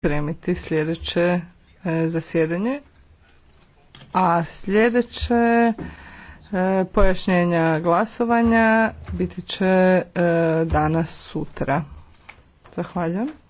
Spremiti sljedeće e, zasjedanje. A sljedeće e, pojašnjenja glasovanja biti će e, danas sutra. Zahvaljujem.